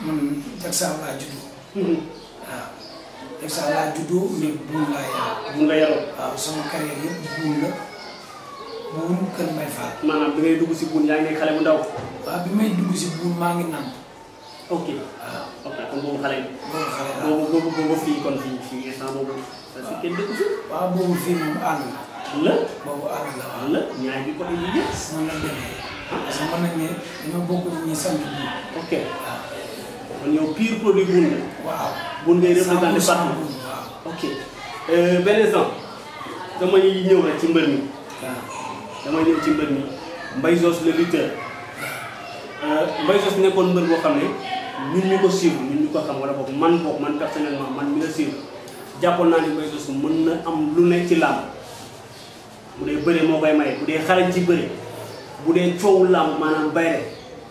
man Jaksa laa juddoo. waaw hmm. nah, Jaksa laa juddoo mais buun laa yaroo. buun nga yaroo. waaw nah, sama carrière yëpp buun la buun kër kan Mbaye Fall. maanaam bi ngay dugg si buun yaa ngi nekk bu ndaw. waaw bi may dugg si buun maa ngi nàmp. ok ok kon boobu xale yi. boobu xale yi waaw boobu kon fii fii instant kenn waaw la. la la bi ko ñi sant bi. ok kon yow pire produit Boune nga. waaw Boune ngay représenté partout. ok euh, benn exemple damay ñëw rek ci mbër mi. waaw ah. damay ñëw ci mbër mi Mbaye Zoss le lutteur euh, Mbaye Zoss nekkoon mbër boo xam ne ñun ñu ko suivre ñun ñu ko xam wala boog man boog man personnellement man mi la suivre jàppoon naa ni Mbaye Zoss mën na am lu ne ci làmb bu dee bëre moo koy maye bu dee xarañ ci bëre bu dee coowu làmb maanaam bay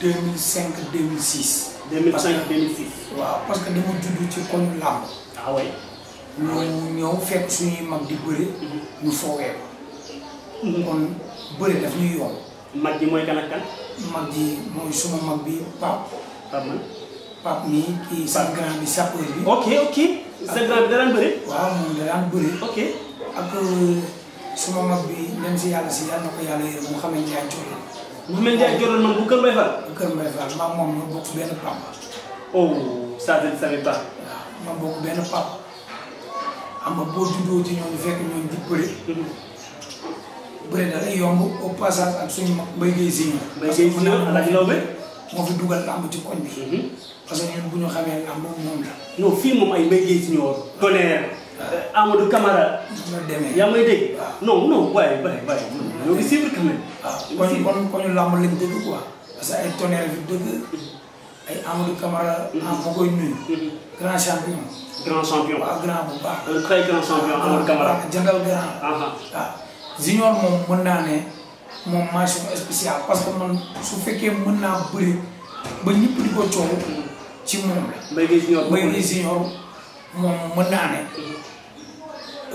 2005 2006. 2005 2006. waaw parce que dama judd ci koñu lama. ah oui. ñu ñëw fekk suñuy mag di bëre. Mhm. ñu foowee ko. kon bëre daf ñuy yomb. mag ji mooy kan ak kan. mag ji mooy suma mag bi Pape. Pape man. Pape mi kii sa grand bi sapeur bi. ok ok sa grand bi da daan bëre. waaw moom da daan bëre. ok ak euh, suma mag bi dem si yàlla si yàlla na ko yàlla yërëm mu xamee Ndiaye Thiorin. Mouhamed Ndiaye Jordan man bu Kër Mbaye Fall. bu Kër Mbaye Fall maa moom ñoo bokk benn papa. oh ça je ne savais ma bokk benn papa. xam nga boo juddoo ci ñooñu fekk ñooñu di bëre. Mm-hmm. bëre da lay yomb au passage ak i mag Mbaye Guèye Siniha. Mbaye Guèye Siniha Alaaji Lawbe moo fi dugal làmb ci koñ bi. Mm-hmm. parce que ñun bu ñu xamee làmb moom la. non fii moom ay Mbaye Guèye Siniha tonnerre. Euh, Amadou Camara. yaa may dégg. non non waaye waaye waaye. ñoo ngi suivre quand même. waaw kon kon kon ñu làmb lañ dëgg quoi. parce que ay tonnerre bi Camara. Mm-hmm. ah ma koy nuyu. grand champion. grand grand bu grand champion Amadou ah, Camara. jàngal grand. waaw uh-huh. ah, junior moom mën naa su fekkee mën naa bëri ba ñëpp di ko coow. Mm-hmm. ci moom la. mbéy mi junior moom mën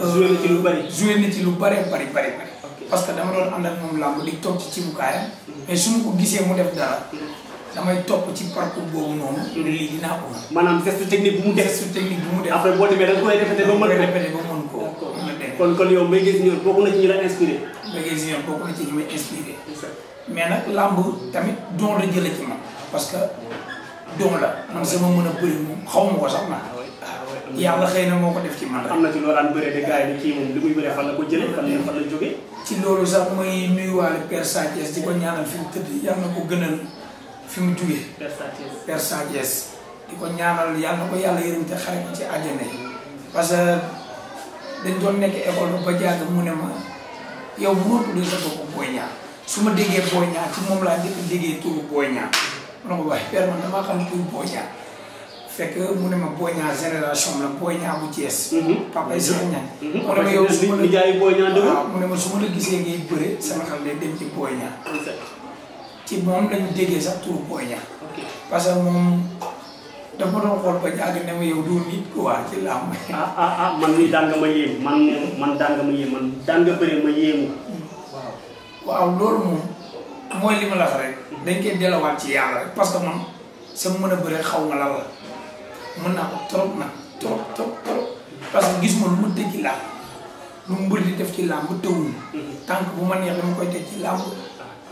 joué na ci lu bari. joué na lu bari bari bari parce que dama doon ànd ak moom làmb di toog ci cibu kaayam. Mm-hmm. mais su ma ko gisee mu def dara. Mm-hmm. damay topp ci parcours boobu noonu. Mm-hmm. lii dinaa ko mën. maanaam geste technique bu mu def. geste technique mu def après boo demee da nga koy répété ba mën ko da nga koy répété ba kon kon yow Mbaye Guèye Junior bokk na ci ñu la inspiré. mais nag làmb tamit don la jëlee ci man. parce que don la man sama mën a bëri moom xaw ma ko sax man. yàlla Allah, na moo ko def ci man rek ci loo daan bëree de gars ni kii moom li muy bëree la ko la la ci sax Père di ko ñaanal fi mu tëdd ko gënal fi mu Père di ko ñaanal yàlla ko yàlla yërëm te xare ci àjjana parce que dañ doon école ba mu ne ma yow mënoo tuddee sa bopp Boy Niang su ma Boy Niang ci moom laa njëkk déggee Boy Père man xam Boy fekk mu ne ma Boña génération la Boña bu Thiès. Mhm. papa yi Cheikh Niang. Mhm. mu ne ma yow su ma la mu ne ma su ma la gisee ngay bëre sama xel day dem ci Boña. ci moom sax parce que moom dafa doon ma ah, ah ah man mii daan nga ma yéemu man daan nga bëre ma yéemu. Hmm. waaw loolu moom mooy li ma la wax rek. Hmm. dañ koy delawaat ci yàlla rek parce que man sama mën a bëre xaw ma la la. mën naa ko trop nag trop trop trop parce que gis ma lu ma tëj ci làmb lu mu mbër di def ci làmb tëwul mhm. tànk bu ma neex dama mu tëj ci làmb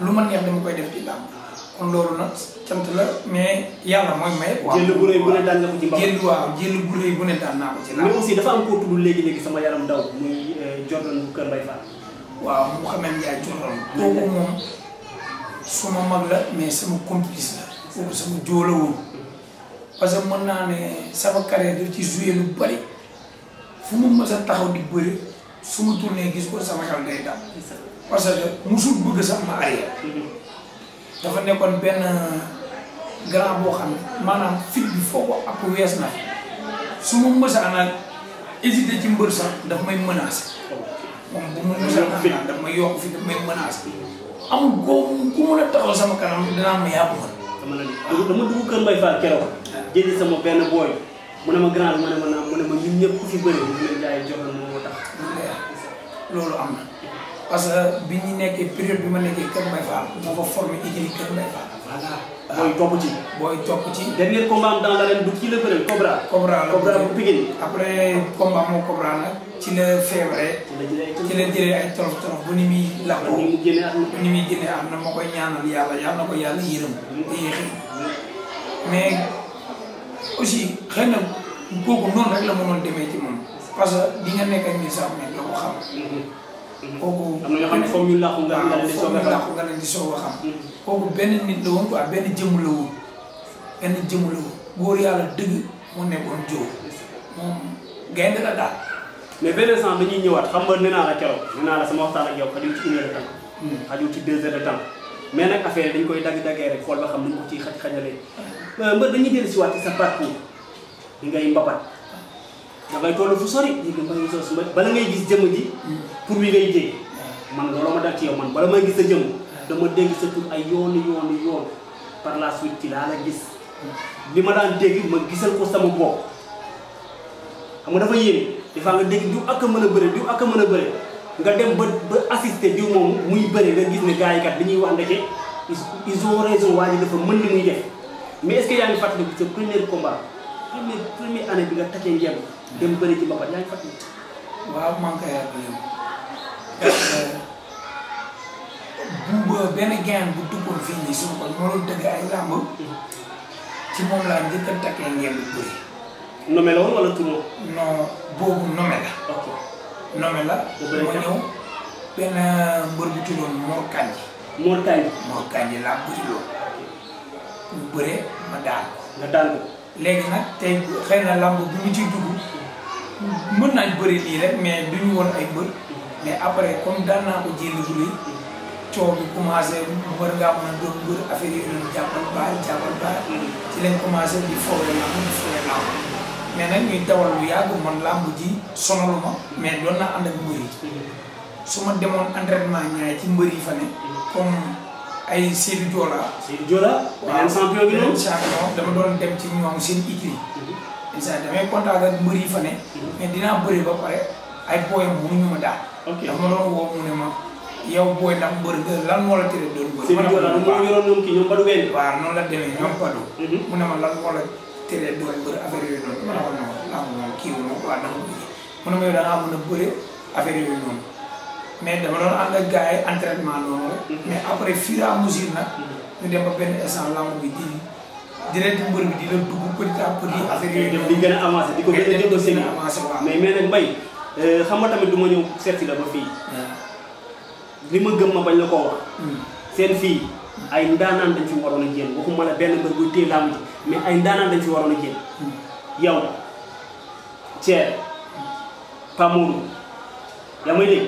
lu ma neex dama koy def ci làmb kon loolu nag cant la mais yàlla mooy may. waaw jël bu rëy bu ne daan nga ko ci mbaa jël waaw jël bu rëy bu ne daan naa ko ci làmb. mais aussi dafa am koo tudd léegi léegi sama yaram daw muy euh, Jordan bu Kër Mbaye Fall. waaw mu xamee Ndiaye Jordan. kooku moom suma mag la mais sama complice la. kooku sama jóolawul. parce que mën ne sama carrière du ci joué lu bëri fumu ma mës taxaw di bëri fumu ma tourné gis ko sama xel day dal parce que musul bëgg sama ma arrière dafa nekkoon benn grand boo xam ne maanaam fit bi foo ko ak wees na su ma mës a nag hésité ci mbër sax daf may menacé moom bu ma mës a nag daf may yokk fi daf may menacé amul góob ku mën a taxaw sama kanam dinaa ma yàgg man dama dugg kër mbay faar keroog jëli sama benn booy mu ma grand ma ne ma naam ñëpp ku fi bëri moo tax. loolu am na parce que bi ñu nekkee période ma nekkee Kër Mbaye Fall moo ah. ci. booy topp ci. dernier combat am dans bu Pikine. après combat moo Cobra ci la feebaree. ci la ni muy làqoo. bu ni na bu ni muy génnee am na moo koy ñaanal yàlla yàlla yërëm. mais. aussi xëy na kooku noonu rek la mënoon demee ci moom parce que di nekk ak ñi sax mais doo ko xam. kooku am na ñoo xam ne foog ñu làqu nga leen di a xam benn nit la benn jëmm la woon benn jëmm la woon góor yàlla dëgg moo nekkoon la daal. ñëwaat xam nga nee naa la keroog nee naa la sama waxtaan ak yow xajul ci une heure de temps. Hmm. xajul ci deux mais nag affaire dañ koy dagg daggee rek xool ba xam nu ñu ko ciy xaj xajalee. Euh, mbër dañuy dellu si waat ci sa parcours bi ngay mbapat dangay toll fu sori di nga bala ngay gis jëmm ji pour wi ngay dégg man looloo ma dal ci yow man bala may gis sa jëmm dama dégg sa tur ay yoonu yoonu yoon par la suite ci laa la gis li ma daan dégg ma gisal ko sama bopp xam nga dafa yéene des fois nga dégg diw ak a mën a bëre diw ak a mën a bëre nga dem ba ba assister diw moom muy bëre nga gis ne gars yi li ñuy wax ndeke ils ont raison waa dafa mën li muy def mais est ce que yaa ngi fàttali sa premier combat premier premier année bi nga takkee ngeen dem bari ci mbapat yaa fatu waaw man ngi koy ñu bu ben gain bu duppul fi ni sun ko moo doon dëgg ay lamb ci mom la ñu ko takkee ngeen bu bari nomé la woon wala tournoi. non boobu nomé la. ok nomé la. ma ñew ben mbër bu tuddoon mo Kanji. mo Kanji mo Kanji laa bëri loolu. bu bëree ma daan ko. nga léegi nag tey xëy na lamb bu ñu ci dugg mën naa bëri lii rek mais du ñu woon ay mbër mais après comme daan naa ko jënd bu rëy coow bi commencé war ngaa mën a doon mbër affaire yi doon jàppal baal jàppal baal ci lañ commencé di fowle lamb di fowle lamb mais nag dawal lu yàgg man lamb ji sonalu ma mais doon naa ànd ak mbër yi su ma demoon entraînement ñaay ci mbër yi fa ne comme ay Seydou Diola. Seydou Diola. waaw champion bi noonu champion dama doon dem ci ñoom seen écrit. incha mhm. damay kontaan ak mbër yi fa ne. Mhm. mais dinaa bëri ba pare ay booyam mënuñu ma daal. ok dama doon woo mu ne ma yow booy ndax mbër nga lan moo la tere doon bëri. Seydou Diola mu ngi yoroon ñoom kii ñoom Badou Wele. waaw noonu la demee ñoom Badou. Mhm. mu ne ma lan moo la tere doon bëri affaire yooyu noonu. ma ne ko non non kii wu ma quoi dama bëri mu ne ma yow da ngaa mën a bëri affaire yooyu noonu. mais dama doon ànd ak gars yi entraînement loolu rek mm-hmm. mais après fur et à mesure nag mm-hmm. ñu dem ba benn instant lamb bi di direct mbër bi di la dugg petit à petit ah, affaire yi dem di gën a avancé di ko gën a jot aussi avancé mais mais nag mbay euh, xam nga tamit du ma ñëw seet si la ba fii li ma gëm ma bañ la koo wax mm. seen fii ay ndaanaan dañ ci waroon a génn waxuma la benn mbër bu téye lamb ji mais ay ndaanaan dañ ci waroon a génn mm. yow Thier Pamour yaa may dégg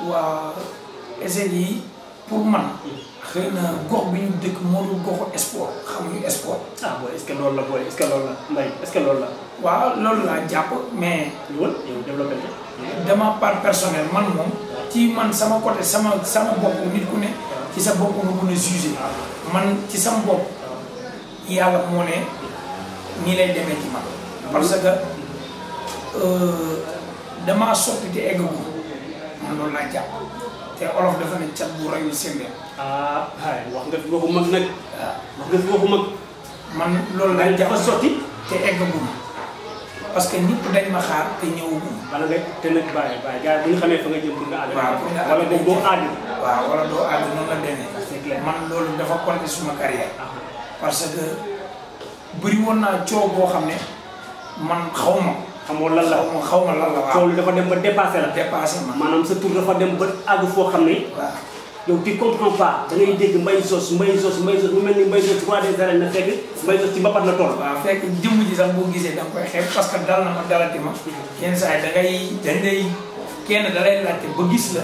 waa SDE yi pour man. xëy na gox bi ñu dëkk moo dul goxu sport xamuñu sport. ah est-ce que la booy est-ce que la mbay est waaw loolu laa jàpp mais. yow yow développé na. dama part personnel man moom. Ah. ci man sama côté sama sama bopp nit ku ne. Ah. ci sa bopp nga mën a jugé. man ci sama bopp. yàlla moo ne nii lay demee ci man. Ah. parce que euh, damaa sotti te eggagu. man loolu laa jàpp te olof dafa ne cat bu rayul sembe. ah wax nga fi waxu mag nag. Ah. wax nga fi waxu mag. man loolu laa jàpp dafa te eggagum. parce que ñëpp dañ ma xaar te ñëwagum. bala nga te nag bàyyi bàyyi gars yi xamee fa nga jëm pour nga wala doo àgg. wala la demee. Ah, man loolu dafa compter suma carrière. Ah. parce que bëri woon naa coow boo xam ne man xaw xamoo lan la xaw ma lan la waaw loolu dafa dem ba dépassé la. dépassé ma maanaam sa tour dafa dem ba àgg foo xam ne. waaw yow tu comprends pas da ngay dégg mbay sos mbay sos mbay sos mu mel ni mbay sos roi des arènes na fekk mbay sos ci mbapat la toll. waaw fekk jëmm ji sax boo gisee da nga koy xeeb parce que dal na ma dalati ma. yenn saa yi da ngay dañ lay kenn da lay laajte ba gis la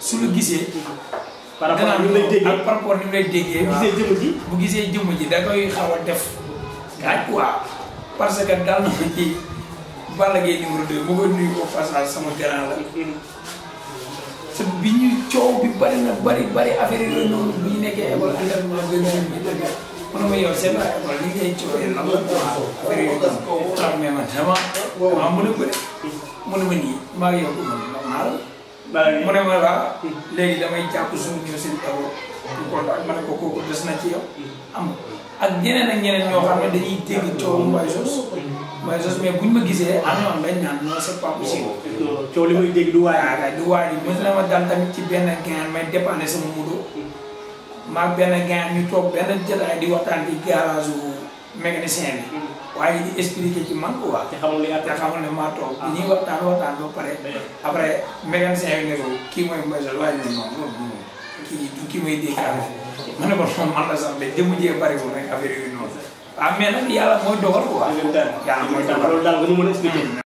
su la gisee. par rapport ak ni lay déggee ak par rapport ni lay déggee. bu gisee jëmm ji bu gisee jëmm ji da koy xaw a def. waaw parce que dal na ma Balla Gaye numéro 2 ma koy nuyu au passage sama grand la. te bi ñuy coow bi a na bari bari affaire yooyu noonu ñu bi ñu bi dëgg mën na ma yow seen école li ngay coowee lan la affaire yooyu noonu tax mais man dama dama a bëri mu ne ma ah, nii maa ngi yow naa ma laa ah, léegi damay jàpp suñu ñëw seen taw du ma ne ko kooku des na ci yow am ak ñeneen ak ñeneen ñoo xam ne dañuy dégg coow mu mas os meus bunyi magise ana na ben nan no sa papu si to li muy deg duwa ya ga duwa ni mas na ma dal tamit ci ben gain may dépanner sama mudo ma ben gain ñu tok ben jël di waxtan ci garage mécanicien bi waaye di expliquer ci man quoi te xamul li te xamul ne maa toog ñuy waxtaan waxtaan ba pare après mécanicien bi ne ko kii mooy mbaysal waaye ne non non kii du kii mooy dégg affaire ma ne ko man la sax mais jëmu jee bari ko rek affaire yooyu waaw mais nag yàlla mooy dogal quoi. yàlla mooy dogal loolu daal nga nu mën a expliqué.